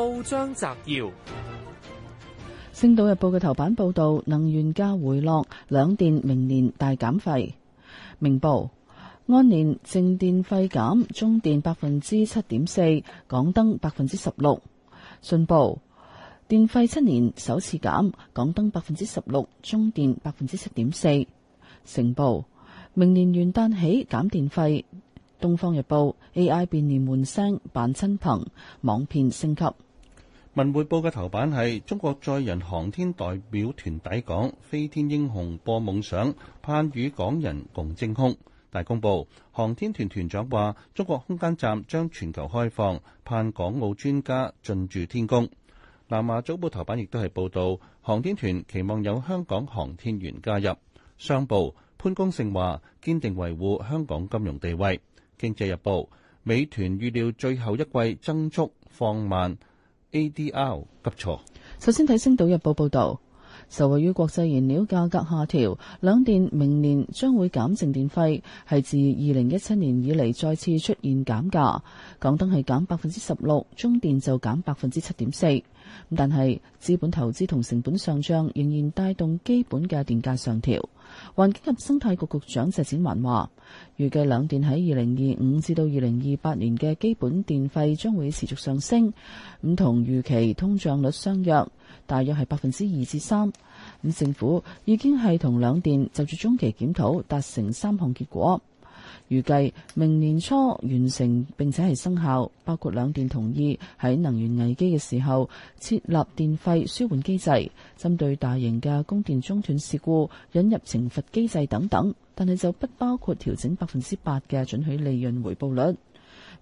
報章摘要：《星島日報》嘅頭版報道，能源價回落，兩電明年大減費。明報：按年淨電費減，中電百分之七點四，港燈百分之十六。信報：電費七年首次減，港燈百分之十六，中電百分之七點四。成報：明年元旦起減電費。《東方日報》AI 變臉換聲扮親朋，網騙升級。文匯報嘅頭版係中國載人航天代表團抵港，飛天英雄播夢想，盼與港人共征空。大公報航天團團長話，中國空間站將全球開放，盼港澳專家進駐天宮。南華早報頭版亦都係報道航天團期望有香港航天員加入。商報潘功勝話，堅定維護香港金融地位。經濟日報美團預料最後一季增速放慢。ADR 急挫。R, 首先睇《星島日報》報道，受惠於國際燃料價格下調，兩電明年將會減淨電費，係自二零一七年以嚟再次出現減價。港燈係減百分之十六，中電就減百分之七點四。但係資本投資同成本上漲仍然帶動基本嘅電價上調。環境及生態局局長謝展寰話：預計兩電喺二零二五至到二零二八年嘅基本電費將會持續上升，咁同預期通脹率相約，大約係百分之二至三。咁政府已經係同兩電就住中期檢討達成三項結果。預計明年初完成並且係生效，包括兩電同意喺能源危機嘅時候設立電費舒緩機制，針對大型嘅供電中斷事故引入懲罰機制等等，但係就不包括調整百分之八嘅準許利潤回報率。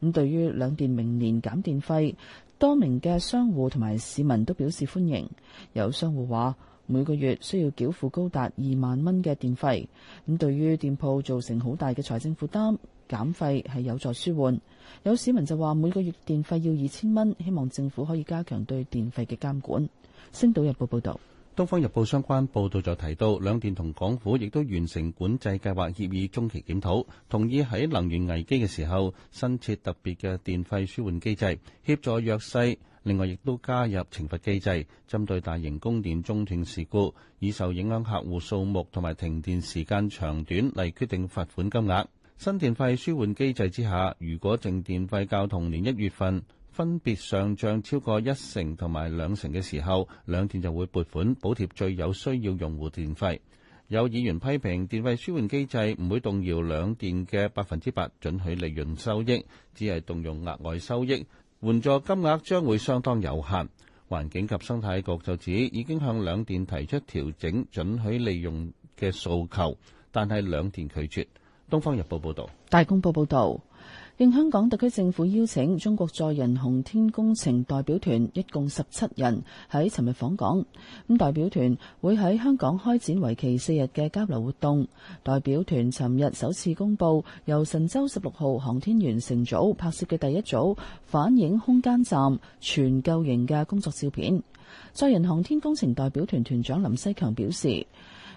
咁對於兩電明年減電費，多名嘅商戶同埋市民都表示歡迎，有商戶話：每個月需要繳付高達二萬蚊嘅電費，咁對於店鋪造成好大嘅財政負擔，減費係有助舒緩。有市民就話，每個月電費要二千蚊，希望政府可以加強對電費嘅監管。星島日報報道。《東方日報》相關報導就提到，兩電同港府亦都完成管制計劃協議中期檢討，同意喺能源危機嘅時候，新設特別嘅電費舒緩機制，協助弱勢。另外，亦都加入懲罰機制，針對大型供電中斷事故，以受影響客戶數目同埋停電時間長短嚟決定罰款金額。新電費舒緩機制之下，如果淨電費較同年一月份分別上漲超過一成同埋兩成嘅時候，兩電就會撥款補貼最有需要用戶電費。有議員批評電費舒緩機制唔會動搖兩電嘅百分之八準許利潤收益，只係動用額外收益，援助金額將會相當有限。環境及生態局就指已經向兩電提出調整準許利用嘅訴求，但係兩電拒絕。《東方日報》報道。《大公報》報道。應香港特區政府邀請，中國載人航天工程代表團一共十七人喺尋日訪港。咁代表團會喺香港開展為期四日嘅交流活動。代表團尋日首次公布由神舟十六號航天員乘組拍攝嘅第一組反映空間站全構型嘅工作照片。載人航天工程代表團團長林西強表示，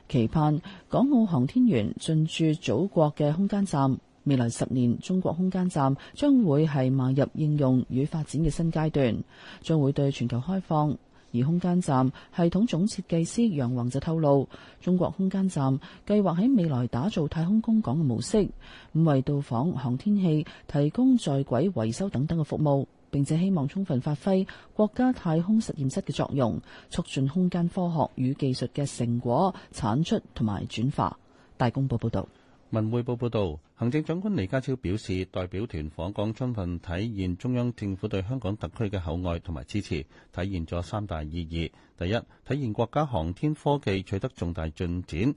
期盼港澳航天員進駐祖國嘅空間站。未來十年，中國空間站將會係邁入應用與發展嘅新階段，將會對全球開放。而空間站系統總設計師楊宏就透露，中國空間站計劃喺未來打造太空公港嘅模式，為到訪航天器提供在軌維修等等嘅服務，並且希望充分發揮國家太空實驗室嘅作用，促進空間科學與技術嘅成果產出同埋轉化。大公報報道。文匯報報道，行政長官李家超表示，代表團訪港充分體現中央政府對香港特區嘅厚愛同埋支持，體現咗三大意義：第一，體現國家航天科技取得重大進展，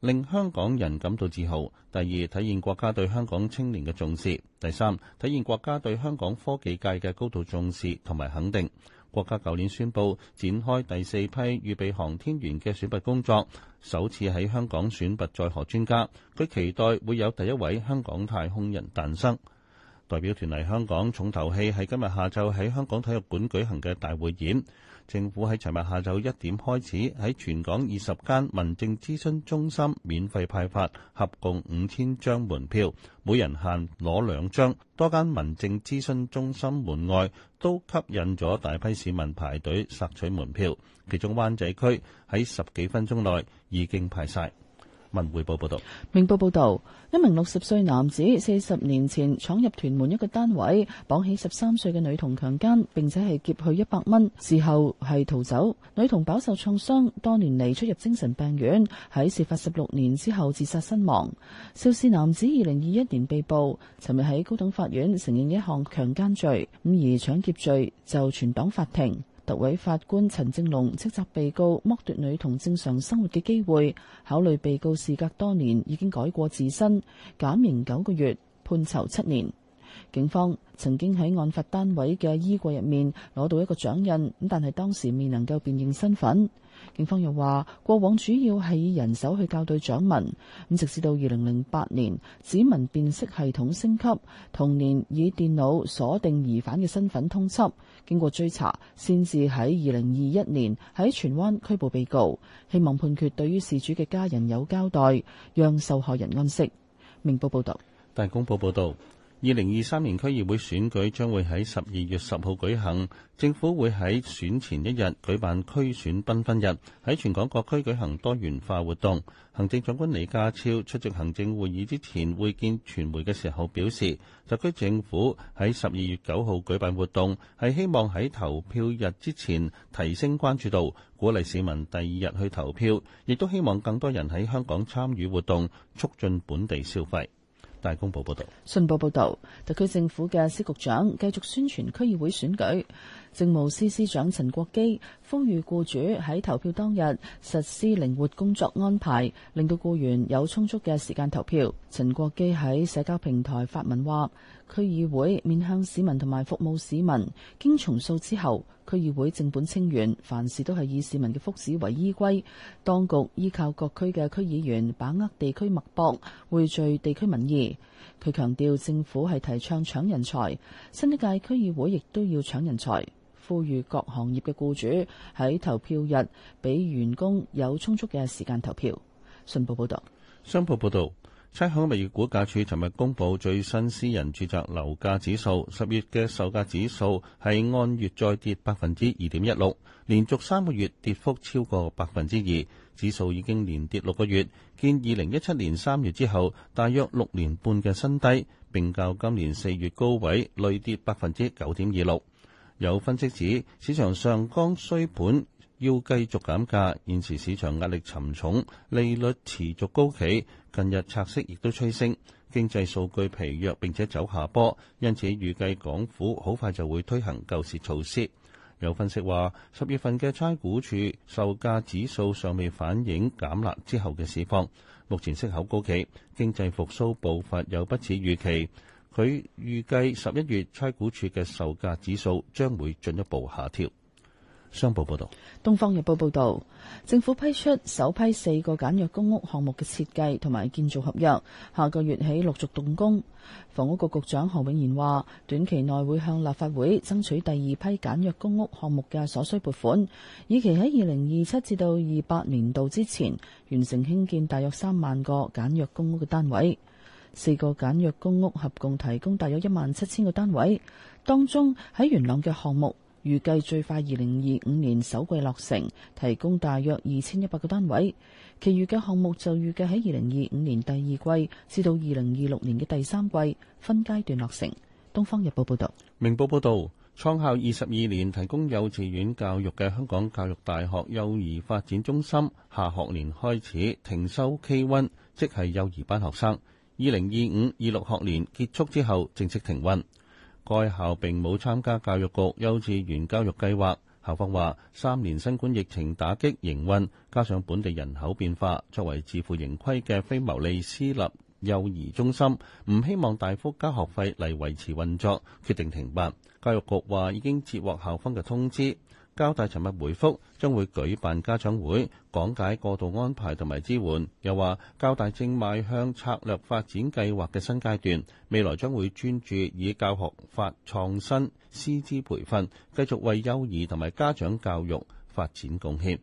令香港人感到自豪；第二，體現國家對香港青年嘅重視；第三，體現國家對香港科技界嘅高度重視同埋肯定。國家舊年宣布展開第四批預備航天員嘅選拔工作，首次喺香港選拔載荷專家。佢期待會有第一位香港太空人誕生。代表團嚟香港重頭戲係今日下晝喺香港體育館舉行嘅大會演。政府喺尋日下晝一點開始喺全港二十間民政諮詢中心免費派發合共五千張門票，每人限攞兩張。多間民政諮詢中心門外都吸引咗大批市民排隊索取門票，其中灣仔區喺十幾分鐘內已經派晒。文匯報報道，明報報道，一名六十歲男子四十年前闖入屯門一個單位，綁起十三歲嘅女童強姦，並且係劫去一百蚊，事後係逃走。女童飽受創傷，多年嚟，出入精神病院。喺事發十六年之後自殺身亡。肇事男子二零二一年被捕，尋日喺高等法院承認一項強姦罪，咁而搶劫罪就存檔法庭。特委法官陳正龍斥責被告剝奪女童正常生活嘅機會，考慮被告事隔多年已經改過自身，減刑九個月，判囚七年。警方曾經喺案發單位嘅衣櫃入面攞到一個掌印，但係當時未能夠辨認身份。警方又話，過往主要係以人手去校對掌紋，咁直至到二零零八年指紋辨識系統升級，同年以電腦鎖定疑犯嘅身份通緝，經過追查，先至喺二零二一年喺荃灣拘捕被告。希望判決對於事主嘅家人有交代，讓受害人安息。明報報道。大公報報導。二零二三年區議會選舉將會喺十二月十號舉行，政府會喺選前一日舉辦區選繽紛日，喺全港各區舉行多元化活動。行政長官李家超出席行政會議之前會見傳媒嘅時候表示，特區政府喺十二月九號舉辦活動，係希望喺投票日之前提升關注度，鼓勵市民第二日去投票，亦都希望更多人喺香港參與活動，促進本地消費。大公報報道，信報報道，特區政府嘅司局長繼續宣傳區議會選舉。政務司司長陳國基呼籲僱主喺投票當日實施靈活工作安排，令到僱員有充足嘅時間投票。陳國基喺社交平台發文話，區議會面向市民同埋服務市民，經重塑之後。區議會正本清源，凡事都係以市民嘅福祉為依歸。當局依靠各區嘅區議員，把握地區脈搏，匯聚地區民意。佢強調，政府係提倡搶人才，新一屆區議會亦都要搶人才。呼籲各行業嘅僱主喺投票日俾員工有充足嘅時間投票。信報報道。商報報導。香港物業估價署尋日公佈最新私人住宅樓價指數，十月嘅售價指數係按月再跌百分之二點一六，連續三個月跌幅超過百分之二，指數已經連跌六個月，見二零一七年三月之後大約六年半嘅新低，並較今年四月高位累跌百分之九點二六。有分析指市場上剛需盤，要繼續減價，現時市場壓力沉重，利率持續高企，近日拆息亦都趨升，經濟數據疲弱並且走下坡，因此預計港府好快就會推行救市措施。有分析話，十月份嘅差估署售價指數尚未反映減辣之後嘅市況，目前息口高企，經濟復甦步伐又不似預期。佢預計十一月差估署嘅售價指數將會進一步下調。商報報道，《東方日報》報道，政府批出首批四個簡約公屋項目嘅設計同埋建造合約，下個月起陸續動工。房屋局局長何永賢話，短期內會向立法會爭取第二批簡約公屋項目嘅所需撥款，以期喺二零二七至到二八年度之前完成興建大約三萬個簡約公屋嘅單位。四個簡約公屋合共提供大約一萬七千個單位，當中喺元朗嘅項目。預計最快二零二五年首季落成，提供大約二千一百個單位。其餘嘅項目就預計喺二零二五年第二季至到二零二六年嘅第三季分階段落成。《東方日報》報道。《明報》報道，創校二十二年提供幼稚園教育嘅香港教育大學幼兒發展中心，下學年開始停收 K1，即係幼兒班學生。二零二五二六學年結束之後，正式停運。該校並冇參加教育局幼稚園教育計劃，校方話：三年新冠疫情打擊營運，加上本地人口變化，作為自負盈虧嘅非牟利私立幼兒中心，唔希望大幅加學費嚟維持運作，決定停辦。教育局話已經接獲校方嘅通知。交大尋日回覆將會舉辦家長會，講解過渡安排同埋支援。又話交大正邁向策略發展計劃嘅新階段，未來將會專注以教學法創新、師資培訓，繼續為幼兒同埋家長教育發展貢獻。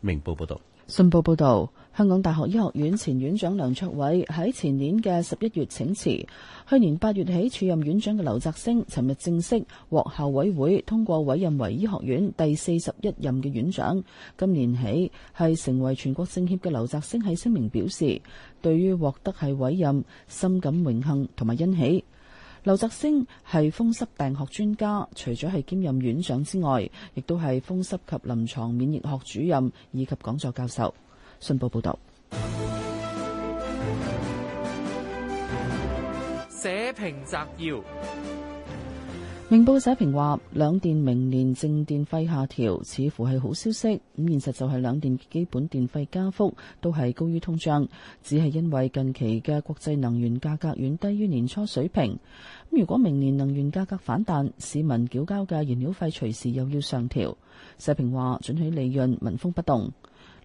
明報報道，信報報道，香港大學醫學院前院長梁卓偉喺前年嘅十一月請辭。去年八月起署任院長嘅劉澤星，尋日正式獲校委會通過委任為醫學院第四十一任嘅院長。今年起係成為全國政協嘅劉澤星喺聲明表示，對於獲得係委任深感榮幸同埋欣喜。劉澤星係風濕病學專家，除咗係兼任院長之外，亦都係風濕及臨床免疫學主任以及講座教授。信報報道。 社評摘要，明報社評話，兩電明年淨電費下調似乎係好消息。咁現實就係兩電基本電費加幅都係高於通脹，只係因為近期嘅國際能源價格遠低於年初水平。如果明年能源價格反彈，市民繳交嘅燃料費隨時又要上調。社評話，准許利潤紋風不動。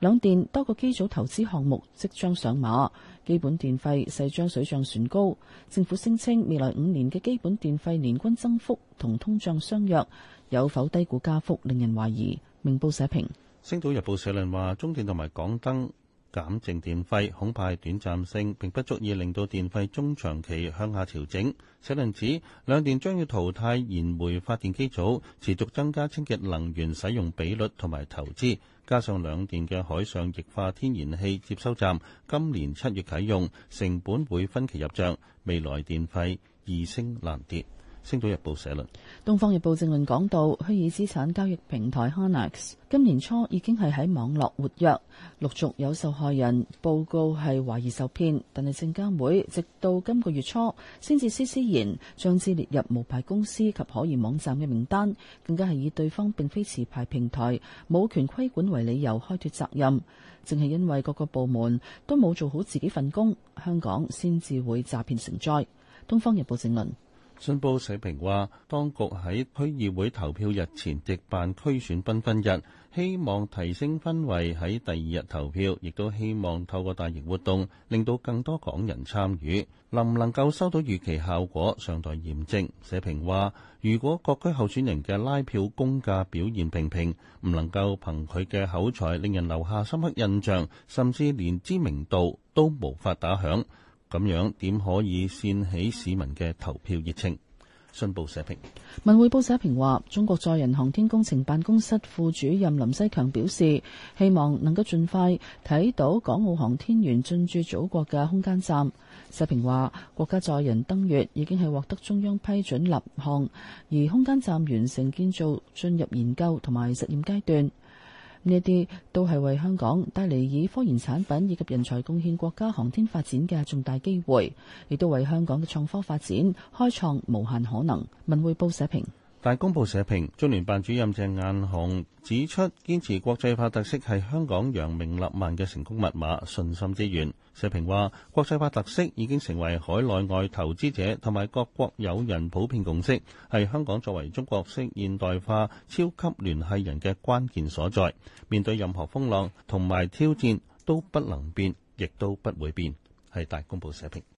兩電多個機組投資項目即將上馬，基本電費勢將水漲船高。政府聲稱未來五年嘅基本電費年均增幅同通脹相約，有否低估加幅令人懷疑。明報社評，《星島日報》社論話，中電同埋港燈，減淨電費恐怕係短暫性，並不足以令到電費中長期向下調整。小林指兩電將要淘汰燃煤發電機組，持續增加清潔能源使用比率同埋投資，加上兩電嘅海上液化天然氣接收站今年七月啟用，成本會分期入帳，未來電費易升難跌。星島日報社論，《東方日報》正論講到，虛擬資產交易平台 HOUNAX 今年初已經係喺網絡活躍，陸續有受害人報告係懷疑受騙，但係證監會直到今個月初先至施施然將之列入無牌公司及可疑網站嘅名單，更加係以對方並非持牌平台，冇權規管為理由開脫責任。正係因為各個部門都冇做好自己份工，香港先至會詐騙成災。《東方日報》正論。信報社評話，當局喺區議會投票日前，直辦區選繽紛日，希望提升氛圍喺第二日投票，亦都希望透過大型活動，令到更多港人參與。能唔能夠收到預期效果，尚待驗證。社評話，如果各區候選人嘅拉票功架表現平平，唔能夠憑佢嘅口才令人留下深刻印象，甚至連知名度都無法打響。咁樣點可以煽起市民嘅投票熱情？信報社評。文匯報社評話，中國載人航天工程辦公室副主任林西強表示，希望能夠盡快睇到港澳航天員進駐祖國嘅空間站。社評話，國家載人登月已經係獲得中央批准立項，而空間站完成建造，進入研究同埋實驗階段。呢啲都係為香港帶嚟以科研產品以及人才貢獻國家航天發展嘅重大機會，亦都為香港嘅創科發展開創無限可能。文匯報社評。大公報社評，中聯辦主任鄭雁雄指出，堅持國際化特色係香港揚名立萬嘅成功密碼、信心之源。社評話，國際化特色已經成為海內外投資者同埋各國友人普遍共識，係香港作為中國式現代化超級聯繫人嘅關鍵所在。面對任何風浪同埋挑戰，都不能變，亦都不會變。係大公報社評。